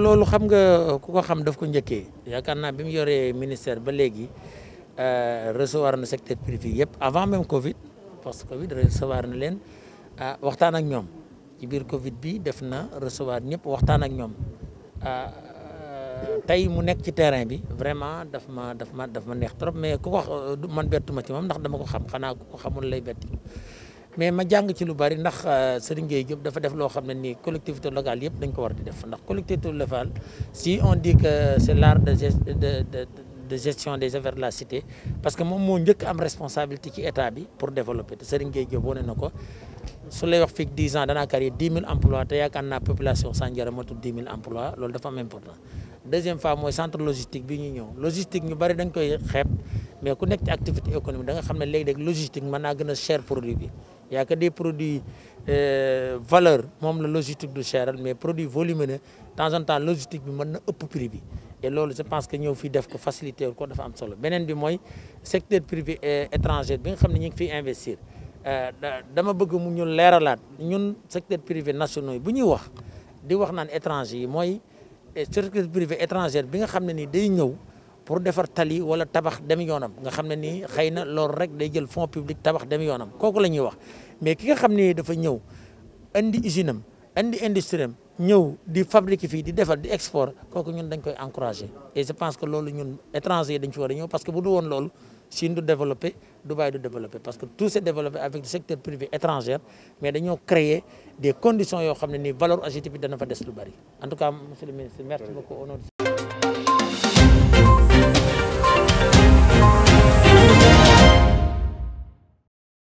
loolu xam nga ku ko xam daf ko njëkkee yaakaar naa bi mu yoree ministère ba léegi euh, recevoir na secteur privé yëpp avant même Covid parce que Covid recevoir na leen ah, waxtaan ak ñoom ci biir Covid bi def na recevoir ñëpp waxtaan ak ñoom ah, euh, tey mu nekk ci terrain bi vraiment daf ma daf ma daf ma neex trop mais ku ko man bettuma ci moom ndax dama ko xam xanaa ko xamul lay betti mais ma pense ci lu bari ndax euh, Serigne Gueye Diop dafa def xamné ni collectivité locale yépp dañ ko war di def si on dit que c'est l'art de de gestion des affaires de la cité parce que mon moo ont am responsabilité ci état bi pour développer te Serigne Gueye Diop woné nako su lay 10 ans on a 10 000 emplois et la population Sandiara motu 10 000 emplois C'est dafa am important deuxième fois le centre logistique bi logistique ñu bari dañ mais ku nekk ci activité économique da nga xamné logistique est naa cher produit bi il n'y a que des produits euh, valeur, même la logistique de cher, mais produits volumineux, de temps en temps, la logistique est peu privé. Et là, je pense que nous devons faciliter le code de femmes solo. Benen le secteur privé euh, étranger bi nga nous ñi investir. Euh dama bëgg mu ñu privés ñun secteur privé national bu ñuy wax di wax étranger le euh, secteur privé étranger bi nga nous pour defar tali wala tabax dem yoonam nga xam ne nii xëy na loolu rek day jël fonds public tabax dem yoonam kooku la ñuy wax mais ki nga xam ne dafa ñëw indi usine am indi industrie am ñëw di fabriquer fii di defar di export kooku ñun dañ koy encourager et je pense que loolu ñun étranger dañ ci war a ñëw parce que bu du woon loolu Chine du développé Dubaï du développé parce que tout s'est développé avec le secteur privé étranger mais dañoo créer des conditions yoo xam ne nii valeur ajoutée bi dana fa des lu bari en tout cas monsieur le ministre merci beaucoup au nom